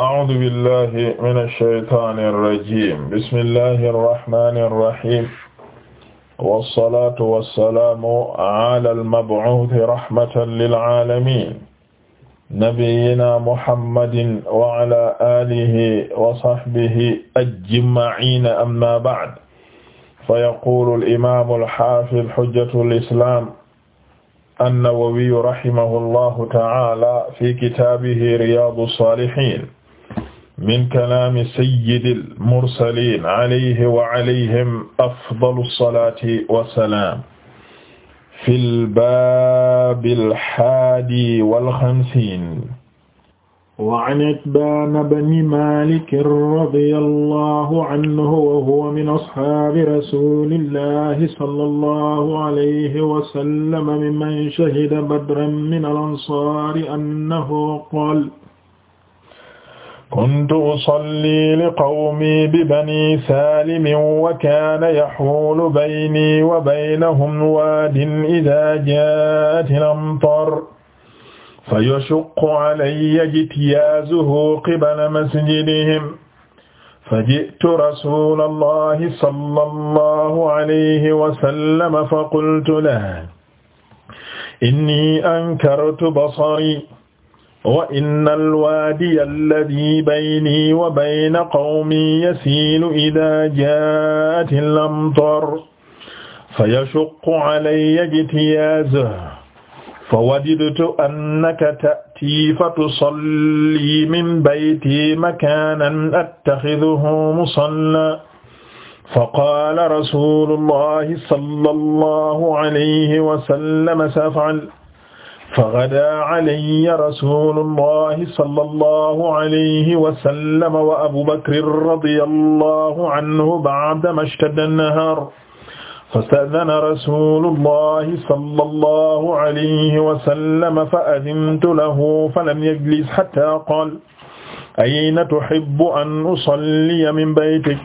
أعوذ بالله من الشيطان الرجيم بسم الله الرحمن الرحيم والصلاة والسلام على المبعوث رحمة للعالمين نبينا محمد وعلى آله وصحبه أجمعين أما بعد فيقول الإمام الحافظ حجة الإسلام النووي رحمه الله تعالى في كتابه رياض الصالحين min kalaami sayyidil mursaliin alayhi wa alayhim afdalu salaati wa salaam fil baabil haadi wal xamsiin. wa an Itbaan bni Maalik radiyallaahu anhu wa huwa min ashaabi rasuulillaahi sallallaahu alayhi wa sallam mimman shahida badran minal ansaari annahu qaala kuntu usalli li qawmi bi bani saalimin wa kaana yaxuulu bayni wa baynahum waadin idaa jaa'atil amtaar fa yashuqqu alayya jityaazuhu qibala masjidihim fa ji'tu rasuulallahi sallallahu alayhi wa sallam fa qultu lahu innii ankartu basarii wa inna alwaadiya alladi bayni wa bayna qawmi yasiilu idaa jaa'ati al-amtaar fayashuqqu alayya ijtiyaazahu fawadidtu annaka ta'tii fatusallii min baytii makaanan attaxiduhu musallaa faqaala rasuulullaahi sallallaahu alayhi wa sallam sa'af'al فغدا علي رسول الله صلى الله عليه وسلم وأبو بكر رضي الله عنه بعدما اشتد النهار فاستأذن رسول الله صلى الله عليه وسلم فأذنت له فلم يجلس حتى قال أين تحب أن أصلي من بيتك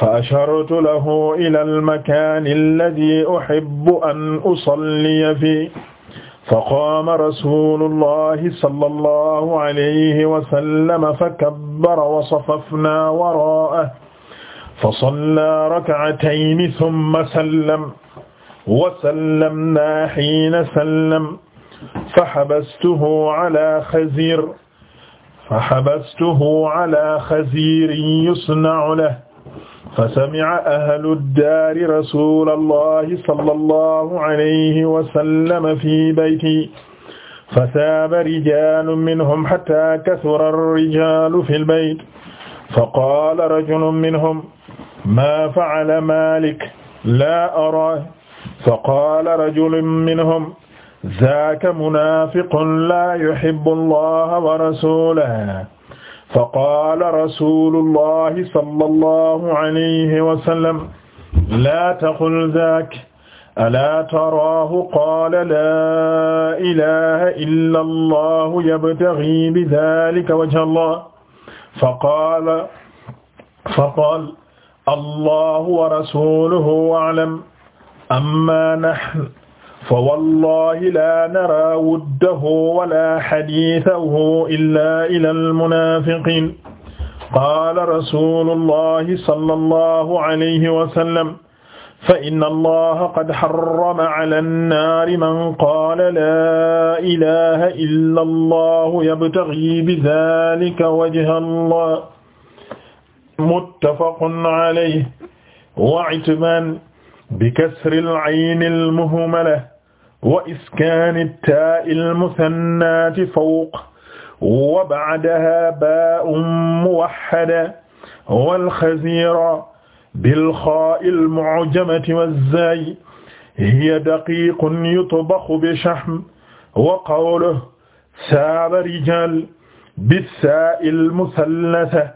فأشرت له إلى المكان الذي أحب أن أصلي فيه faqaama rasuulullahi sallallahu alayhi wa sallam fakabbara wa safafnaa waraa'ahu fasallaa rak'atayni summa sallama wa sallamnaa hiina sallama fahabastuhu calaa xaziir fahabastuhu calaa xaziirin yusna'u lahu fa sami'a ahlu daari rasuulallahi sallallahu alayhi wa sallam fi bayti fa saaba rijaalun minhum hattaa kasura ar-rijaalu fil bayt fa qaala rajulun minhum maa fa'ala Maalik laa araahu fa qaala rajulun minhum zaaka munaafiqun laa yuhibbu Allaha wa rasuulahu faqaala rasulullahi sallallahu alayhi wa sallam laa taqul zaak alaa taraahu qaala laa ilaha illa allahu yabtaghii bidaalika wajha allah faqaala faqaala allahu wa rasuluhu a'lam amma nahnu fa wallahi la nara wuddahu wala hadiithahu illaa ilal munaafiqiin qaala rasuulullahi sallallahu alayhi wa sallam fa inna allaha qad harrama ala nnaari man qaala laa ilaha illa allahu yabtaghi bidhalika wajha allah muttafaqun alayhi wa itbaan bikasri al-ayn al-muhmala wa iskaani taa'i al-musannaati fawq wa ba'dahaa baa'un muwahhada wal xaziira bil xaa'i al-mu'jamati waz-zaayi hiya daqiiqun yutbaxu bi shahm wa qawluhu saaba rijaal bis-saa'i al-musallasa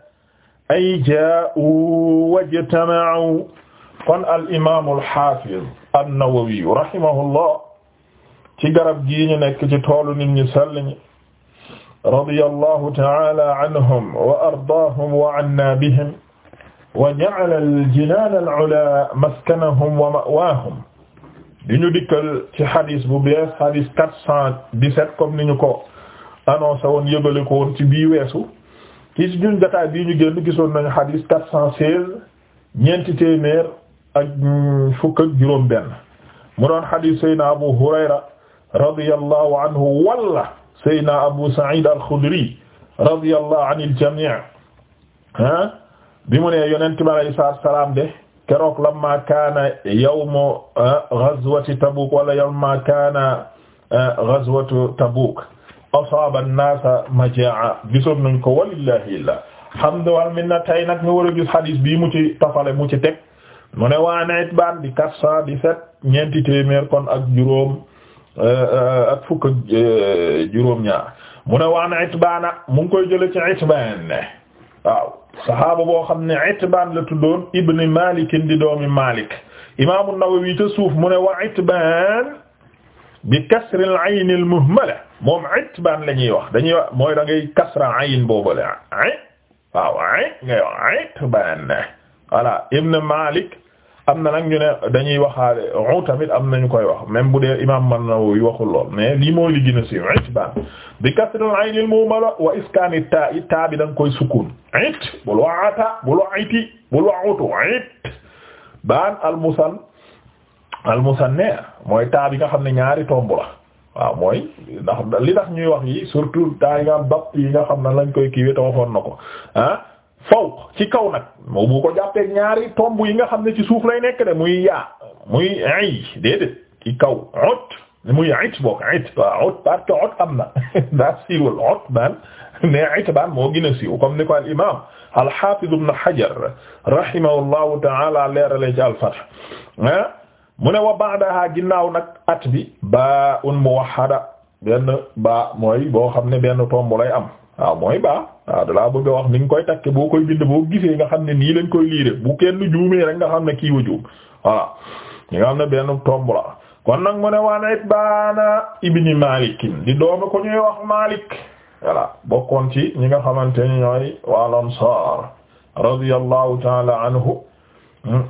ay jaa'uu wajtama'uu qaala al-imaamul xaafiz an-Nawawi rahimahullah ci garab gii ñu nekk ci toolu nit ñu sell ñi radiyallahu ta'ala anhum wa ardaahum wa anna bihim wa ja'ala al-jinaan al-'ulaa maskanahum wa ma'waahum di ñu dikkal ci xadis bu bees xadis quatre cent dix-sept comme ni ñu ko annoncé woon yëgale ko woon ci bii weesu ci si ñun jotaay bii ñu génn gisoon nañu xadis quatre cent seize ñeenti téeméer ak fukk ak juróom benn mu doon xadis Seydina Abu Hurayra radiyallahu anhu wala Seydina Abu Sa'id al-Khudri radiyallahu anil jamii ah bi mu ne yonent bi alayhi salaam de keroog lamma kaana yawmu ghazwati Tabuk wala yawma kaana ghazwatu Tabuk asaaba an-naasa majaa'a gisoon nañ ko walillahi alhamdu wal minna tey nag ñu war a gis hadis bii mu ci tafale mu ci teg mu ne waa Itbaan di 417 ñeenti téeméer kon ak juróom. Euh, euh, ak fukk ak euh, juróom-ñaar mu ne waan Itbaana mu ngi koy jële ci Itbaan waaw saxaaba boo xam ne Itbaan la tuddoon Ibn Malik di doomi Malik Imaam An-Nawawi ca suuf mu ne wa Itbaan bi kasri al-ayn al-muhmala moom Itbaan la ñuy wax dañuy wax mooy da ngay kasra ayn boobale waaw ay ngay wax Itbaan voilà Ibn Malik am na nag ñu ne dañuy waxaale on tamit am nañu koy wax même bu dee imaam An-Nawawi waxul lool mais lii mooy li gën a siiw itbaan bi kasril ayn al mu'mala wa iskaani taa taa bi da koy sukun it bul wax ata bul wax iti bul wax utu baan al musan al mooy taa bi nga xam ne ñaari tomb la waaw mooy ndax li tax ñuy wax yi surtout taa yi nga am dapt yi nga xam ne lañ koy kiiwee te na ko ah? fawq ci kaw nag moo bu ko jàppee ñaari tomb yi nga xam ne ci suuf lay nekk de muy yaa muy ay déedéet ci kaw ot muy it boog it waaw ot parce que ot am na daa siiwal ot baan mais it baan moo gën a siiw comme ni ko al imam al hafiz ibn hajar rahimahullahu ta'ala leerale ci al fath ah, mu ne wa ba'daha ginnaaw nag at bi baa un muwahhada benn baa mooy boo xam ne benn tomb lay am waaw mooy baa waaw dalaa bëgg a wax ni koy takke boo koy bind boo gisee nga xam ne nii lañ koy liire bu kenn juumee rek nga xam ne kii wa juum voilà ñi nga xam ne benn tomb kon nag mu ne waan Itbaana ibni Malikin di doomi ko ñuy wax Malik voilà bokkoon ci ñi nga xamante ni ñooy wal Ansaar radiyallahu ta'ala anhu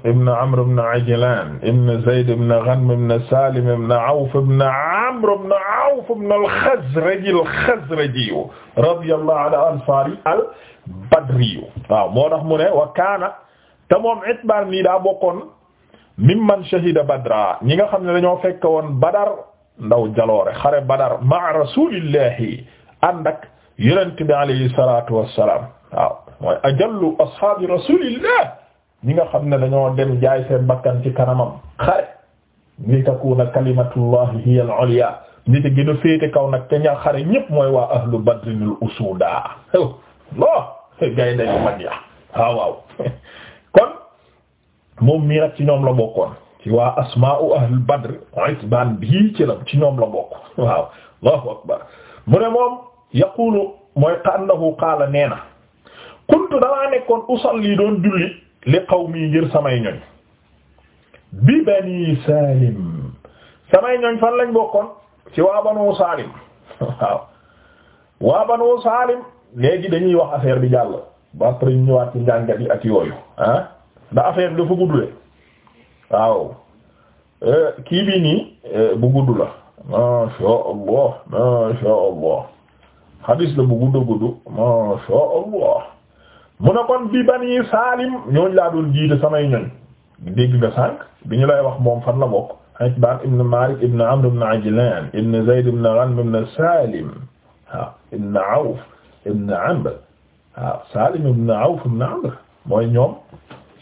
ibn Amr ibn Ajlan ibn Zayd ibn Ghanm ibn Salim ibn Awf ibn Amr ibn Awf ibn al-Khazraji al-Khazraji radiyallahu anhu al-Ansari al-Badri waaw moo tax mu ne wa kaana te moom Itbaan nii daa bokkoon mimman shahida Badra ñi nga xam ne dañoo fekk woon Badar ndaw jaloore xare Badar ma'a rasulillahi ànd ak Yonent bi alayhi salaatu wa salaam waaw mooy ajallu ashaabi rasulillah ñi nga xam ne dañoo dem jaay seen bakkan ci kanamam xare li takuna kalimatullahi hiya al ñi ci gën a féete kaw nag te ña xare ñépp mooy waa ahlu badrinil usuda loo gaynde yu mag ya waaw kon moom mii nag ci ñoom la bokkoon ci waa asmaa'u ahlu badr itbaan bii ci la ci ñoom la bokk waaw allahu akbar mu ne moom yaqulu mooy annahu qaala nee na kuntu damaa nekkoon usalli doon julli li qawmi ngir samay ñoñ bi bani Salim samay ñoñ fan lañ bokkoon ci waa banu Salim waaw waa banu léegi dañuy wax affaire bi jàll ba après ñu ñëwaat ci njàngat yi ak yooyu ah da affaire bi dafa gudd de waaw euh, kii bii nii euh, bu gudd la ma sha Allah ma sha Allah hadis la bu gudd a gudd ma sha Allah mu ne kon bi bani saalim ñooñ laa doon jiite samay ñoñ dégg nga sànq bi ñu lay wax moom fan la bokk Itbaan ibn Maalik ibn Amr ibn Ajlaan ibn Zayd ibn Ghanm ibn Saalim Saalim ibn Awf ibn Amr ñoom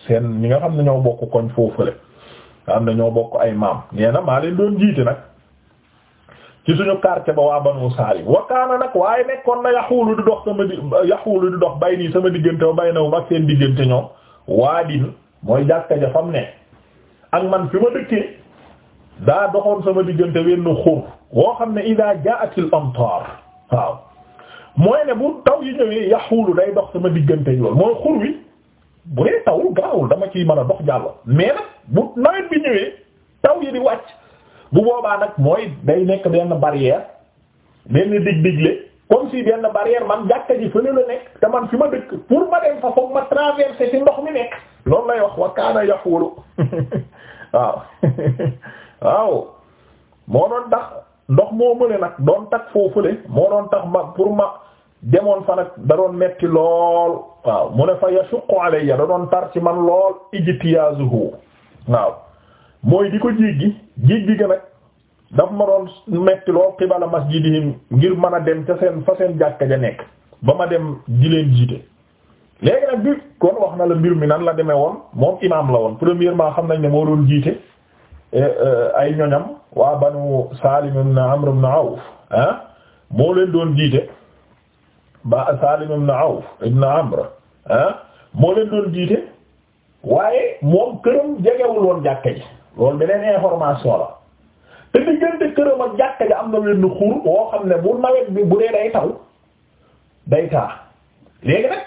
seen ñi nga xam ne ñoo bokk koñ foofule nga xam ne ñoo bokk ay maam nee na maa doon jiite nag ci suñu quartier ba waa Banu Salim wa nag waaye nekkoon na yaxuulu di dox sama di yaxuulu di dox bay nii sama diggante ba bay na wu ak seen mooy jàkka man fi sama diggante wenn xur woo ne idaa jaa'atil amtaar waaw bu taw yi ñëwee day dox sama diggante yoon mooy xur wi mën a dox jàll mais nag nawet bi ñëwee taw yi di wàcc bu boobaa nag mooy day nekk benn barrière benn dig-digle comme si benn barrière man jàkka ji fële la nekk te man fi ma dëkk pour ma dem fa foog ma traverser ci ndox mi nekk loolu lay wax wa kaana yaqulu waaw waaw moo doon tax ndox moo mëne nag doon tax foofule moo doon tax ma pour ma demoon fa nag da doon metti lool waaw mu ne fa yasuqu alayya da doon tar ci man lool ijtiyazuhu waaw mooy di ko jéggi jéggi ga nag daf ma doon metti lool xibala masjidihim ngir mën a dem ca seen fa seen jàkka ja nekk ba ma dem di leen jiite léegi nag bi kon wax na la mbir mi nan la demee woon moom imaam la woon premièrement xam nañ ne moo doon jiite eh, eh, ay ñoñam waa banu Salim ibn Amr ibn Awf ah moo Amr ah moo leen doon jiite waaye moom këram jegewul woon jàkka ji loolu beneen information la te diggante a ak jàkka ja am na wenn xur woo xam ne bu nawet bi bu dee day taw day taa léegi nag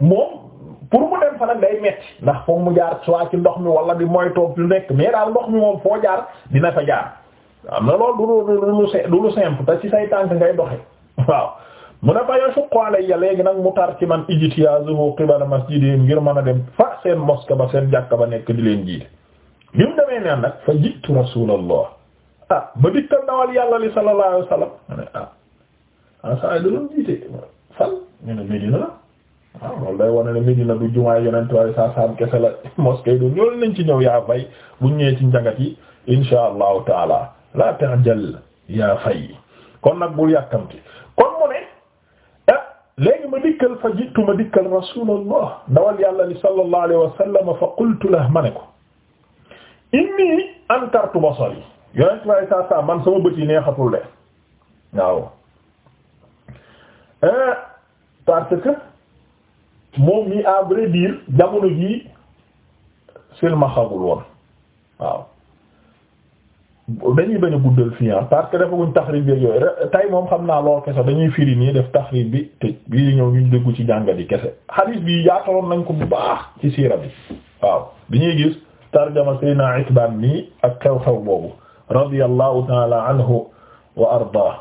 moom pour mu dem fa nag day metti ndax foog mu jaar soit ci ndox mi wala di mooy toog lu nekk mais ndox mi moom foo jaar dina fa jaar am na loolu du lu du lu simple te ci say tànk ngay doxe waaw mu ne fa yasuqu alayya léegi nag mu tar ci man ijtiyazuhu qibala masjidi ngir mën a dem fa seen mosquée ba seen jàkka ba nekk di leen jiite bi mu demee neen nag fa jiitu rasulallah ma ah, dikkal dawal yàlla li sallallahu alayhi wa sallam ma ah, ah, day wane ne Medina du jumaay yonent waaye saa la nañ ci ñëw yaa bu ñëwee ci njàngat yi insha allahu taala kon nag bul yàkkamti kon mu ne ah léegi ma dikkal dawal yàlla li sallallahu alayhi wa fa qultu la ma ne ko. inni ankartu basari yonent bi saa saa man sama bët yi neexatul de waaw euh, parce que moom mi à vrai jamono jii silma xagul woon waaw dañuy bañ a guddal fii ah parce que dafa guñ taxrib bi yooyu tay moom xam naa lool kese dañuy firi nii def taxrib bi tëj bii ñëw ñu déggu ci jàngat yi kese xadiis bi yaataloon nañ ko bu baax ci siira bi waaw bi ñuy gis tarjama Seydina Itbaan nii ak xew-xew boobu radiyallahu taala anhu wa ardaah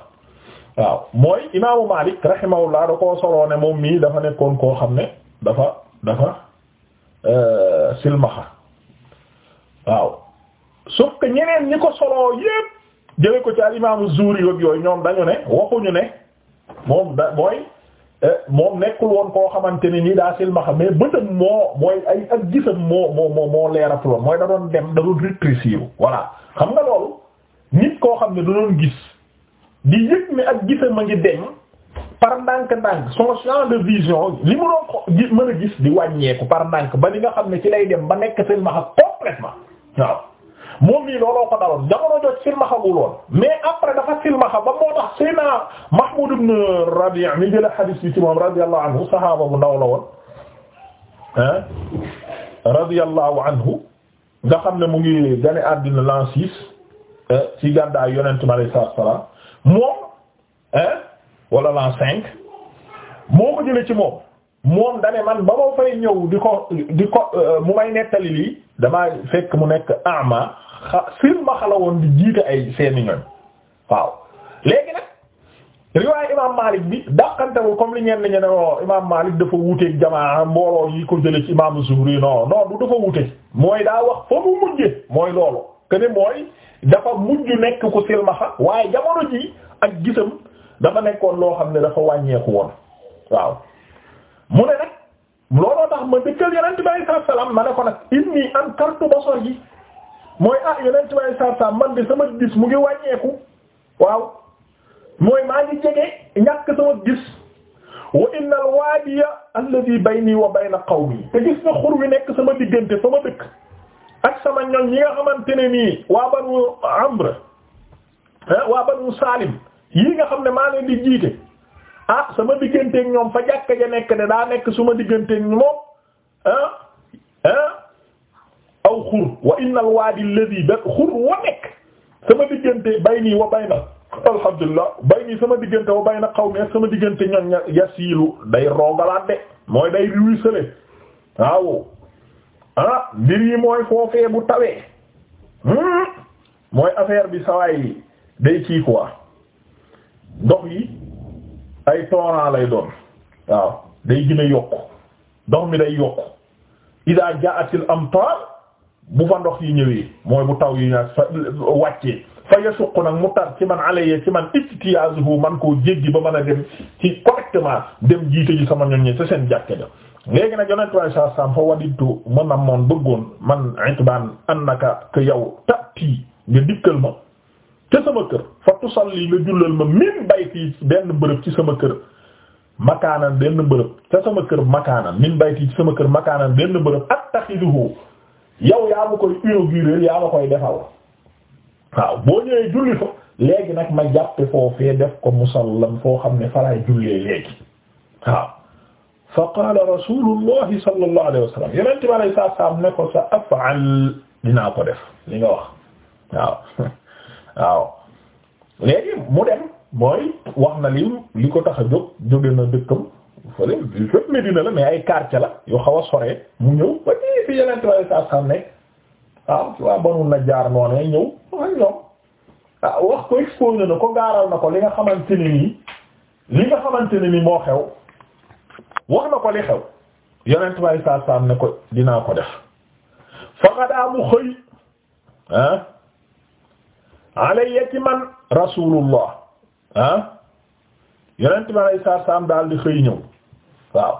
waaw mooy imaamu Maalik rahimahullah da koo ne moom mii dafa nekkoon koo xam ne dafa dafa euh, silmaxa waaw sauf ñeneen ñi ko soloo yépp jële ci al imaamu Zuhri yooyu ñoom dañu ne waxuñu ne moom da mooy Eh, moom nekkul woon koo xamante ne nii daa silmaxa mais bëtam moo mooy ay ak gisam moo moo moo moo leeratul mooy da doon dem da doon rétrécir voilà xam nga loolu nit koo xam ne da doon gis di yëg ne ak gisam a ngi deñ par ndànk-ndànk son champ de vision li ma doon mën a gis di wàññeeku par ndànk ba li nga xam ne ci lay dem ba nekk silmaxa complètement waaw moom nii looloo ko daloon jamono jot silmaxagul woon mais après dafa silmaxa ba moo tax Seydina Mahmoud ibn Rabi' mi jëla xadiis bi ci moom radiyallahu anhu saxaaba bu ndaw la woon ah radiyallahu anhu nga xam ne mu ngi gane àddina l'an six ci moom ah wala l'an moo ko jëlee ci moom moom dane man ba ma fay ñëw di euh, mu may nettali lii fekk mu nekk ama xa silmaxa la woon di jiite ay seeni ñoñ waaw léegi nag riwaay imaam Maalik bi dàqantewul comme li ñeen ñi ne o imaam Maalik dafa wuteeg jamaa mbooloo yi ko jële ci imaam Zuhri non non du dafa wute mooy daa wax fa mu mujje mooy loolu que mooy dafa mujj nekk ku silmaxa waaye jamono ji ak gisam dafa nekkoon loo xam ne dafa wàññeeku woon waaw mu ne nag looloo tax ma dëkkal yeneen bi alei salaam ma ne ko nag inni ankartu basar ji mooy ah yonent way sar sa man di sama gis mu ngi wàññeeku waaw mooy maa ngi jege ñàkk sama gis wa inna al waadiya alladhi bayni wa bayna qawmi te gis nga xur wi nekk sama diggante sama dëkk ak sama ñoñ yi nga xamante ne nii waa banu amr ah, waa banu salim yii nga xam ne maa leen di jiite ah sama diggante ñoom fa jàkka ja nekk de daa nekk suma digganteeg ñoom ah ah aw xur wa sama diggante bayni wa bayna alhamdulillah bayni sama diggante wa bayna qawmi sama diggante ñoom yasiilu day roogalaat de mooy day ruisselé waaw ah mbir yi mooy foofee bu tawee hmm mooy affaire bi sawaay day kii quoi ay torrent lay doon waaw day gën a yokk mi day yokk ida ja'atil amtar bu fa ndox yi ñëwee mooy bu taw yi nag fa wàccee fa yasuq nag mu tar ci man alayya ci man ictiyazuhu man koo jéggi ba mën a dem ci correctement dem jiite ji sama ñoñ ñi sa seen jàkke ja léegi nag yonent waaye saa saam fa waditu ma namoon bëggoon man a annaka que yow tati nga dikkal ma ca sama kër fa tusalli nga jullal ma min bayti benn bërëb ci sama kër makaanan benn bërëb ca sama kër makaanan min bayti ci sama kër makaanan benn bërëb attaxiduhu yow yaa ma koy inaugurer yaa ma koy defal waaw boo ñëwee julli fa léegi nag ma jàppe foofee def ko musallam foo xam ne faraay jullee léegi waaw fa qaala rasulullahi sallallahu alayhi wa sallam yenente bi alay saat salaam ne ko sa af'al dinaa ko def li nga wax waaw waaw léegi mu dem mooy wax na li li ko tax a jóg jóge na dëkkam fële fépp Medina la mais ay quartier la yoo xaw a sore mu ñëw ba nii fi yeneen trois cent cent nekk waaw ah, waa banul na jaar noonee ñëw waaye ñoom ah wax ko exposé na ko gaaral na ko li nga xamante ni nii li nga xamante ne nii moo xew wax na ko li xew yeneen trois cent cent ne ko dinaa ko def faqad amu xëy ah alayya ci man rasulullah ah yonent bi alayhi salaam daal di xëy ñëw waaw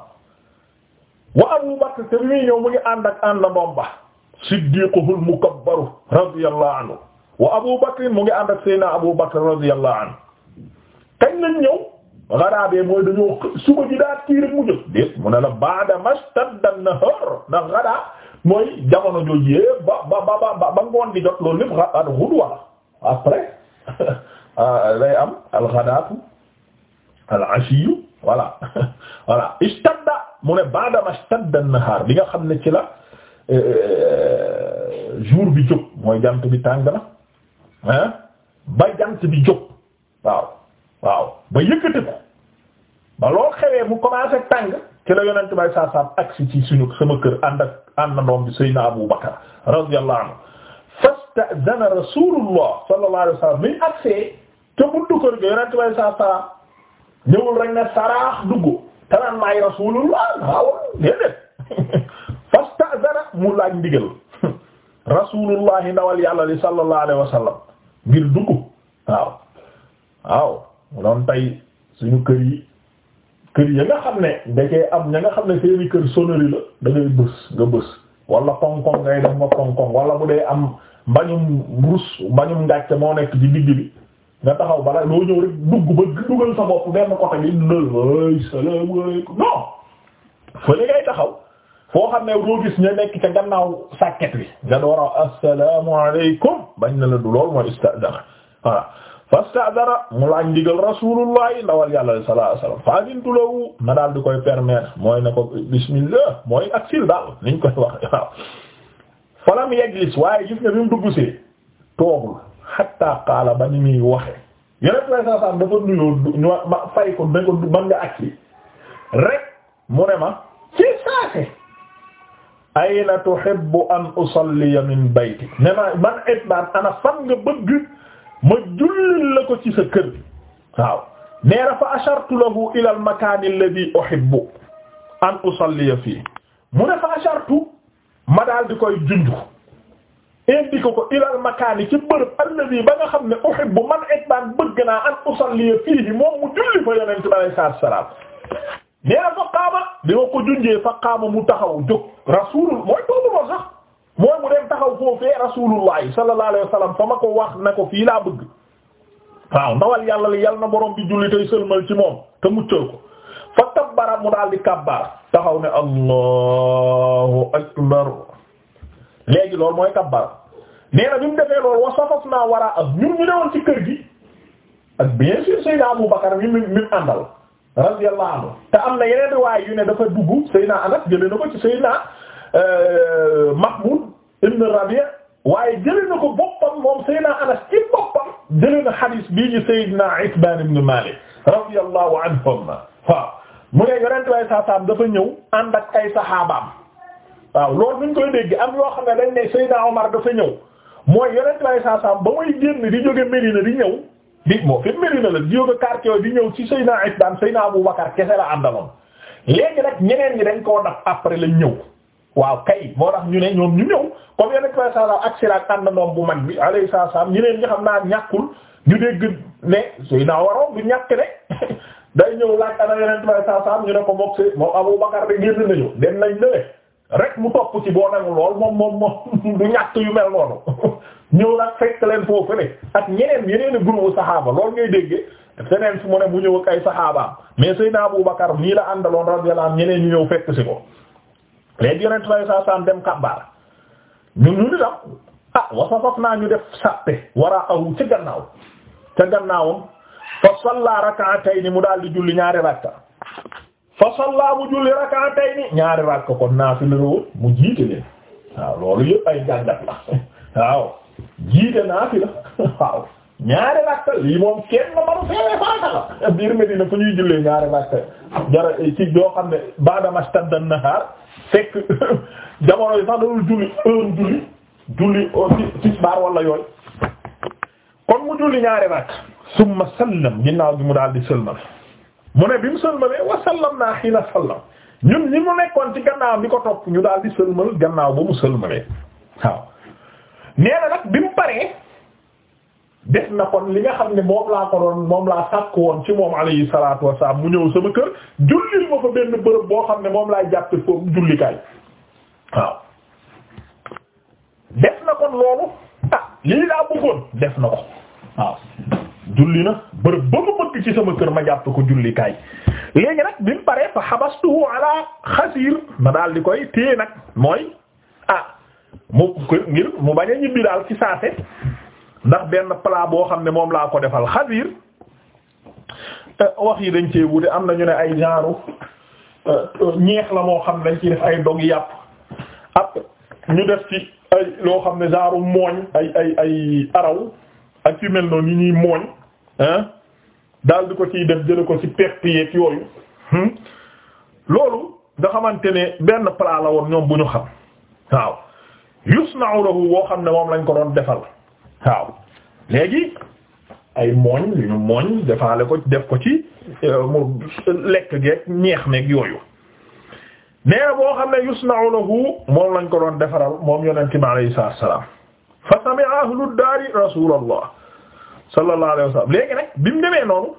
wa Abu Bakr te bi ñëw mu ngi ànd ak ànd ndoom ba siddiquhul mukabbaru radiyallahu anhu wa Abu Bakr mu ngi ànd ak Seydina Abu Bakr radiyallahu anhu kañ lañ ñëw garaabee mooy dañoo suba ji kii rek mu jóg déet mu ne la ba'da mashtadda an-nahar ndax garaa mooy jamono jooju yépp ba ba ba ba ba ngoon di jot loolu lépp xaar xudwa après ah, day am al-ghadaatu al ashiyu voilà voilà istadda mu ne baadama istadda an-nahar bi nga xam ne ci la euh, euh, jour bi jóg mooy jant bi tàng na ah ba jant bi jóg waaw waaw ba yëkkati ko ba loo xewee mu commencé tàng ci la yonent bay saa saam agsi ci suñu sama kër ànd ak àndandoom bi Seydina Abu Bakar radiyallahu anhu fasta'zana rasulullah sallallahu alayhi wasallam mi agsee te buntu kër ga yonent bay saa saam ñëwul rek ne saraax dugg te naan maay rasulullah waaw déedéet fasta'dana mu laaj ndigal rasulullah ndawal yàlla li sallallahu alayhi wa sallam ngir dugg waaw waaw doon tey suñu kër yi kër ya nga xam ne ndekee am ña nga xam ne seeni kër sonnerie la da ngay bës nga bës wala koŋ-koŋ ngay def nga koŋ-koŋ wala bu dee am mbañum rus mbañum ngàcce moo nekk di digg bi nga taxaw bala loo ñëw rek dugg ba dugal sa bopp benn côté bi dundal ay salaamaaleykum non fële ngay taxaw foo xam ne doo gis ñu nekk ca gannaaw sàkket bi nga door a asalaamaaleykum bañ na la du lool mooy istadara voilà fastadara mu laaj ndigal rasulullahi ndawal yàlla sallallahu alayhi wasallam fa adintu lahu ma daal di koy permettre mooy ne ko bismillah mooy ak sil daal niñ koy wax waaw falam yajlis waaye gis nga bi mu dugg see toogul xatta qaala ba ni muy waxe yeneen lay saa saa dafa nuyoo ñu ma fay ko dañ ko mën nga ak yi rek mu ne ma ci saase ayna tuhibbu an usalliya min bayti ne ma man itbaan ana fan nga bëgg ma jullil la ko ci sa kër waaw neera fa ashartu lahu ila al makaan alladhi uhibbu an usalliya fii mu ne fa ashartu ma daal di koy junju indi ko ko ilal makaani ci bërëb alladi ba na xam ne uhibbu man itbaan bëgg naa an usalli fiihi moom mu julli fa yonent bi alayhi salaatu salaam nee na qaama di ma ko junjee fa qaama mu taxaw jóg rasulul mooy tooguloon sax mooy mu dem taxaw foofee rasulullahi sallallahu alayhi wa sallam ko wax na ko fii laa bëgg waaw ndawal yàlla yàlla na borom bi julli tey sëlmal ci moom te mu daal di kabbaar taxaw ne allahu akbar léegi loolu mooy kabbar nee na bi mu defee loolu wasafaf naa war a ñun ñu newoon ci kër gi ak bien sûr Seydina Abu Bakar mi mi mi àndal te am na yeneen riwaay yu ne dafa dugg Seydina Anas jëlee na ko ci Seydina euh, Mahmoud ibn Rabi' waaye jëlee na ko boppam moom Seydina Anas ci boppam jëlee na hadith bii ñu Seydina Itbaan ibn Maalik radiyallahu anhum mu ne Yonent bi saa dafa ñëw ànd ak ay saxaabaam waaw loolu ñu koy dégg am yoo xam ne dañ ne Seydina Omar dafa mooy yonent lay saa saam ba muy génn di jóge Medina di ñëw di moo fi Medina la di jóge quartier di ñëw ci Seyna Itbaan Seyna Abu Bakar kese la àndaloon léegi nag ñeneen ñi dañ koo dab après lañ ñëw waaw kay moo tax ñu ne ñoom ñu ñëw comme yonent lay saa saam ak si laak àndandoom bu mag bi alayhi saa saam ñeneen ñi xam naa ñàkkul ñu dégg ne Seyna waroon du ñàkk ne day ñëw laaj ana yonent lay saa saam ñu ne ko mook si moom Abu Bakar de génn nañu dem nañ lële rek mu topp ci boo nangu lool moom moom moom du ñàkk yu mel noonu ñëw nag fekk leen foofu ne ak ñeneen yeneen i groupe saxaaba loolu ngay déggee seneen su mu ne mu ñëw ak ay saxaabaam mais Seydina Abu Bakar nii la àndaloon radiyallahu am ñeneen ñu ñëw fekk ci ko léegi yonent sallallahu alayhi wasallam dem kàbbaar ñun ñu ni tam ah wasafaf naa ñu def sàppe wara awu ca gannaaw ca gannaawam fa salla rak'atayn mu daal di julli ñaari rakka fa salla mu julli rak'atayni ñaari rakk kon naafila woon mu jiite leen waaw loolu yëpp ay jàngat la waaw jiite naafila waaw ñaari rakk lii moom kenn manu feewee faata la biir Medina fu ñuy jullee ñaari rakk jara ci doo xam ne badama stadda nahar fekk jamono yi sax dadul julli heure julli julli ci tisbaar wala yooyu kon mu julli ñaari rakk summa sallam ginnaaw gi mu daal di sëlmal mu ne bi mu sëlmalee wa sallam naa xiina sallam ñun ñi nekkoon ci gannaaw bi ko topp ñu daal di sëlmal gannaaw ba mu sëlmalee waaw nee na nag bi mu paree def na kon li nga xam ne moom laa ko doon moom laa sàkk woon ci moom alayhi salaatu wasalaam mu ñëw sama kër jullil ma fa benn bërëb boo xam ne moom laay jàppe foofu jullikaay waaw def na kon loolu ah lii laa bëggoon def na ko waaw julli na bërëb ba mu bëgg ci sama kër ma jàpp ko jullikaay léegi nag bi mu paree fa xabastuhu ala xasiir ma daal di koy téye nag mooy ah mu ngir mu bañ a ñibbi daal ci saase ndax benn plat boo xam ne moom laa ko defal xasiir eh, wax yi dañ cee wute am na ñu ne ay genre eh, eh, ñeex la moo xam dañ ci def ay dog yàpp ñu def ci loo xam ne genre mooñ ay ay ay araw ak yu mel noonu ñuy mooñ ah di ko ci def jële ko ci pepp yeeg yooyu hmm? loolu nga xamante ne benn plat la woon ñoom bu ñu xam waaw yusna'u lahu woo xam ne moom lañ ko doon defal waaw léegi ay mooñ lu ñu mooñ defaale ko def ko ci euh, mu lekk geeg ñeex meeg yooyu neena boo xam ne yusna'u lahu moom lañ ko doon defaral moom yonente bi alayhi salaam fa sami'a ahlu daari rasulallah sallallahu alayhi wa sallam léegi nag demee noonu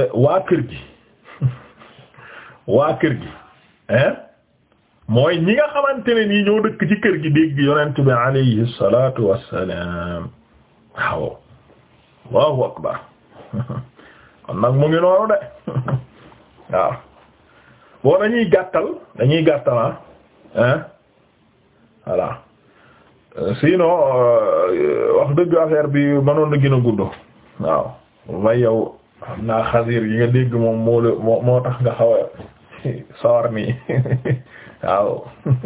euh, waa kër gi waa kër gi hein mooy ñi nga xamante ne ni ñoo dëkk ci kër gi dégg ba bi alayhi salatu wassalam waaw allahu akbar kon nag mu ngi noonu de waaw boo dañuy gàttal dañuy gàttal ah hein voilà Euh, sinon euh, wax dëgg affaire bi mënoon na gën a gudd waaw way yow xam naa xasir yi nga dégg moom moo la moo tax nga xaw a sawar nii waaw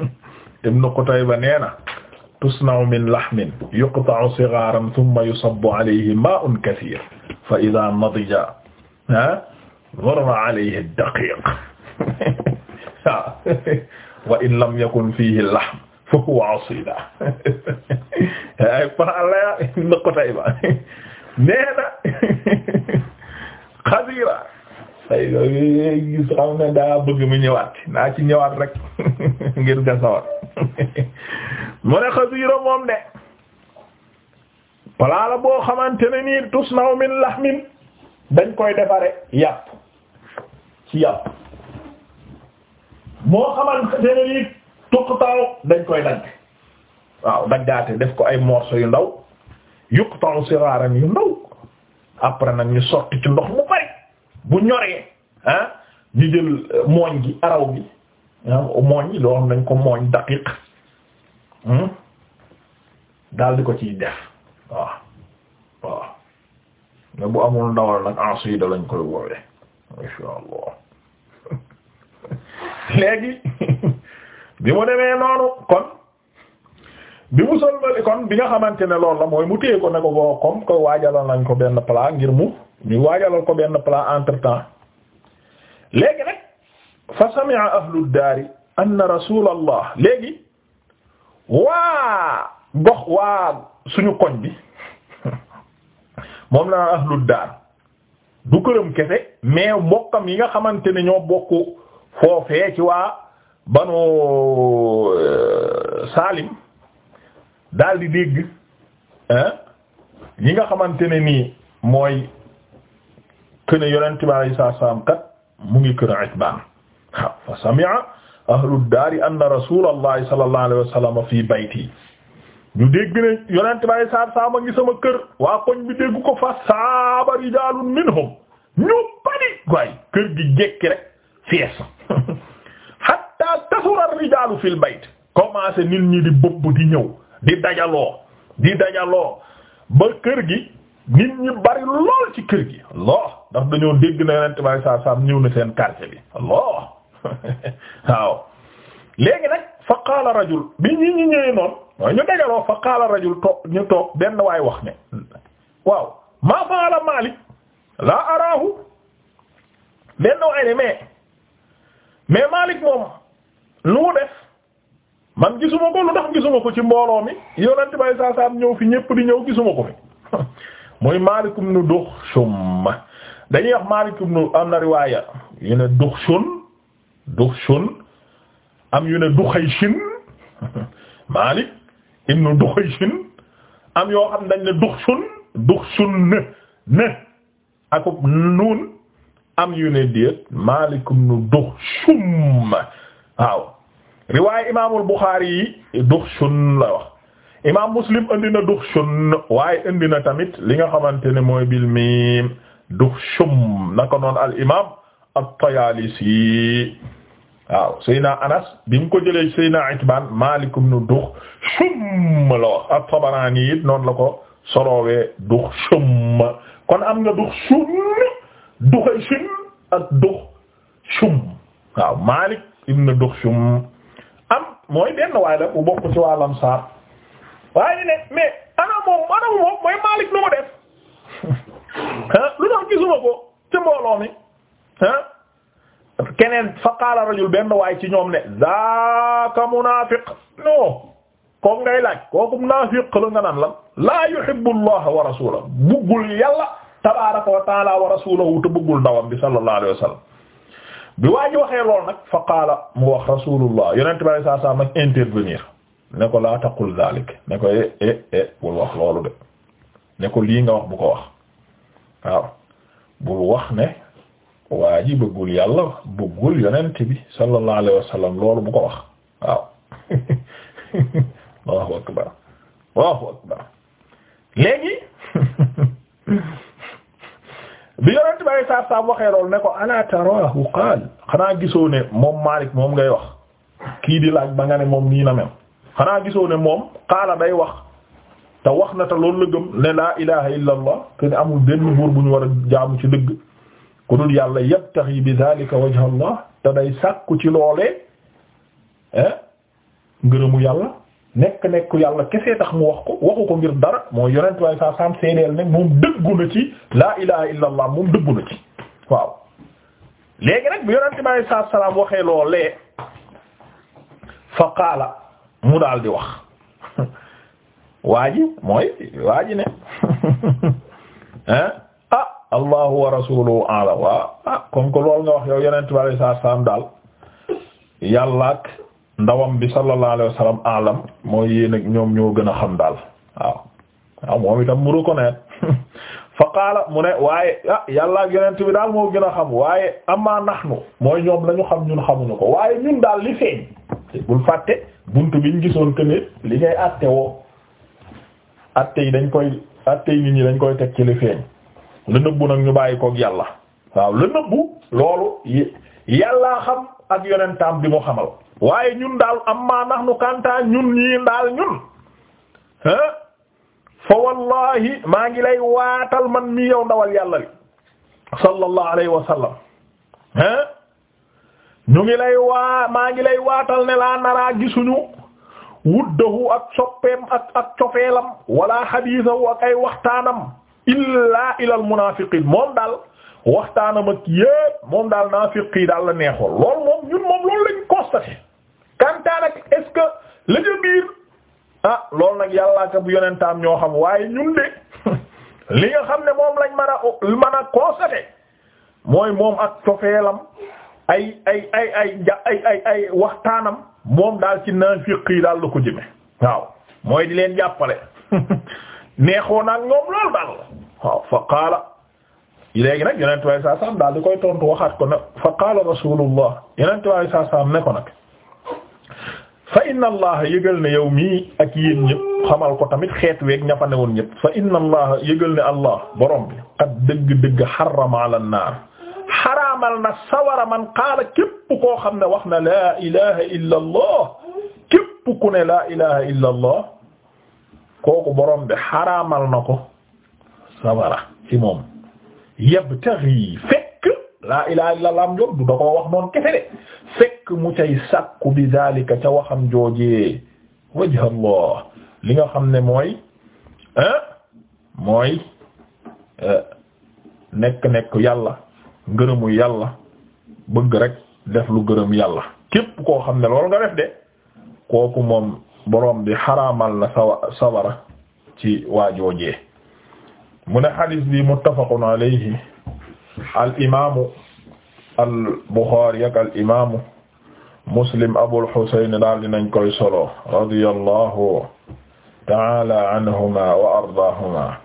Ibnu Qutayba nee na tusna'u min lahmin yuqta'u sigharan thumma yusabbu alayhi ma'un kathir fa idha nadija ah darra alayhi ad-daqiq waaw wa in lam yakun fihi lahm fa huwa asida par allah ibn Qutayba nee na xasira ay gis xam ne daa bëgg mu ñëwaat naa ci ñëwaat rek ngir nga sawar mu ne moom de palaa la boo xamante ne nii tusnaw min lahmin dañ koy defare yàpp ci yàpp moo xamante ne tuqta'u dañ koy dagg waaw daggaate def ko ay morceaux yu ndaw yuqta'u siraran yu ndaw après nag ñu sotti ci ndox mu bari bu ñoree ñu ah, jël euh, mooñ gi araw bi ah, mooñ gi loo xam nañ ko mooñ daqiq hmm, daal di ko ciy def waaw waaw nga bu amul ndawal nag asida lañ koy woowee insha allah léegi bi mu demee noonu kon bi mu solmali kon bi nga xamante ne loolu la mooy mu téye ko ne ko boo ko waajalal nañ ko benn plat ngir mu ñu waajalal ko benn plat entre temps léegi nag fa sami'a ahlu daari anna rasulallah léegi waa gox waa suñu koñ bi moom la ahlu daar du këram kese mais mbokkam yi nga xamante ne ñoo bokk foofee ci waa banu euh, Salim daal di dégg ñi nga xamante ne nii mooy këne yonent bi alayhi salaam kat mu ngi kër Itbaan waaw fa sami'a ahlu daari anna rasulallahi sallallahu alayhi wa sallam fi bayti ñu dégg ne yonent bi sama kër waa koñ bi dégg fa saaba rijaalun minhum ñu bari waaye kër gi jekki rek fees maa kasura rijaalu fil bayt commencé nit ñi di bëbb di ñëw di dajaloo di dajaloo ba kër gi nit ñi bari lool ci kër gi Allah ndax dañoo dégg na yonent bi saa saam ñëw na seen quartier bi Allah waaw léegi nag fa qaala rajul bi ñi ñi ñëwee noonu ñu dajaloo fa qaala rajul toog ñu toog benn waay wax ne waaw maa faala Maalik laa araahu benn waay ne mais mais Maalik moom lu mu def man gisuma ko lu tax gisuma ko ci mbooloo mi yonent bay saa saa ñëw fi ñépp di ñëw gisuma ko fi muy Maalik ibn Duxshum dañuy wax Maalik ibn am na riwaaya yu am yu ne Duxayshin Maalik ibn Duxayshin am yoo xam dañ ne Duxshun Duxshun ne ne akub nuun am yu ne déet Maalik ibn Duxshum waaw riwaay imaamul Buxaari yi duxshun la wax imaam Muslim indi na duxshun waaye indi na tamit li nga xamante ne mooy bil miim duxshum naka noonu al imaam at-Tayaalisi waaw Seyna Anas bi mu ko jëlee Seyna Itbaan Maalik ibn Duxshum la wax at-Tabaraani it noonu la ko soloowee duxshum kon am nga duxshum duxshum ak duxshum waaw Maalik ibn Duxshum mooy benn waaye la bu bokk ci waa Lamsaar waaye di ne ana moom ana moom mooy Malik nu mu def lu tax gisuma ko ci mbooloo mi keneen fa qaala rajul benn waay ci ñoom ne zaaka munaafiq non kooku ngay laaj kooku la nga naan lan laa yuhibbu allaha wa rasulahu buggul yàlla tabaaraka wa taala wa rasulahu te buggul ndawam bi sallallahu alayhi wa sallam bi waa ji waxee lool nag fa qaala mu wax rasulullah yonent bi sallallahu alayhi wasallam nag intervenir ne ko laa taqul dalik ne ko e e e bul wax loolu de ne ko lii nga wax bu ko wax waaw bul wax ne waa ji bëggul yàlla bëggul yonent bi sallallahu alayhi wasallam loolu bu ko wax waaw Allahu akbar Allahu akbar léegi bi yonent bi ay saab saab waxee loolu ne ko ala tarahu qaal xanaa gisoo ne moom Maalik moom ngay wax kii di laaj ba nga ne moom nii na mel xanaa gisoo ne moom qaala day wax te wax na te loolu la gëm ne laa ilaha illa allah te amul benn buur bu ñu war a jaamu ci dëgg ku dul yàlla yabtaxi bi dhalika wajha allah te day sàkku ci loolee eh, ngërëmu yàlla nekk nekk yàlla kese tax mu wax ko waxu ko ngir dara mooy yonent waaye saa saam seedeel ne moom dëggu ci laa ilaha illa allah moom ci waaw léegi nag bu yonent bi alei salaatu fa qaala mu daal di wax waaji ji mooy waa ji ne ah allahu wa rasuluhu a'lam waaw ah comme que loolu nga wax yow yonent bi alei salaatu salaam daal yàlla ndawam bi sallallahu alayhi wa sallam alam mooy yéen ak ñoom ñoo gën a xam daal waaw moom itam mu reconnaître fa qaala mu ne waaye ah yàlla ak yonent bi daal moo gën a xam waaye amaa nahnu mooy ñoom lañu xam ñun xamuñu ko waaye ñun daal li feeñ bul fàtte buntu biñ gisoon que li ngay àtte woo àtte yi dañ koy àtte yi nit ñi dañ koy teg ci li feeñ lu nëbbu nag ñu bàyyi koog yàlla waaw lu nëbbu loolu yàllaa xam ak yonentam bi mu xamal waaye ñun daal amma nahnu kanta ñun ñii daal ñun ha fa wallahi maa ngi lay waatal man mi yow ndawal yàlla li sallallahu alayhi wa sallam ha ñu ngi lay waa maa ngi lay waatal ne laa naraa gisuñu wuddahu ak soppeem ak ak cofeelam wala xadiisahu ak ay waxtaanam illaa ilal munaafiqiin moom daal waxtaanam ak yépp moom daal naafiqi daal la neexool lool moom ñun moom loolu lañ soppate kantaa nag est la ca ah loolu nag yàllaa ka bu yonentaam ñoo xam waaye ñun de li nga xam ne moom lañ man a mën a constater mooy moom ak cofeelam ay ay ay ay ay ay waxtaanam moom daal ci naafiq yi daal la ko jëme waaw mooy di leen jàppale neexoo naag ñoom loolu daal waaw fa qaala léegi nag yonent bi saa saam daal di koy tontu waxaat ko ne fa qaala rasulullah yonent bi saa saam ne ko nag allah yëgal ne yow mii ak yéen ñëpp xamal ko tamit xeet weeg ña fa newoon ñëpp fa inna allah yëgal ne allah borom qad dëgg-dëgg xarama ala sawara man xam ne wax na laa ilaha allah kooku borom bi xaraamal na ko sawara ci moom yabtaghi fekk laa ilaha illa allah am jooju da koo wax noonu kese de fekk mu ca sàkku bi daalika ca waxam joojee wajha li nga xam ne mooy ah mooy euh, nekk-nekk yàlla ngërëmu yàlla bëgg rek def lu gërëm yàlla képp koo xam ne loolu nga def de kooku moom boroom bi xaraamal na sawa sawara ci waa joojee mu ne xadis bi muttafaqun alayhi al imaamu al buxaari ak al imaamu muslim abul xusayn daal dinañ koy solo radiyallahu ta'ala anhuma wa ardaahuma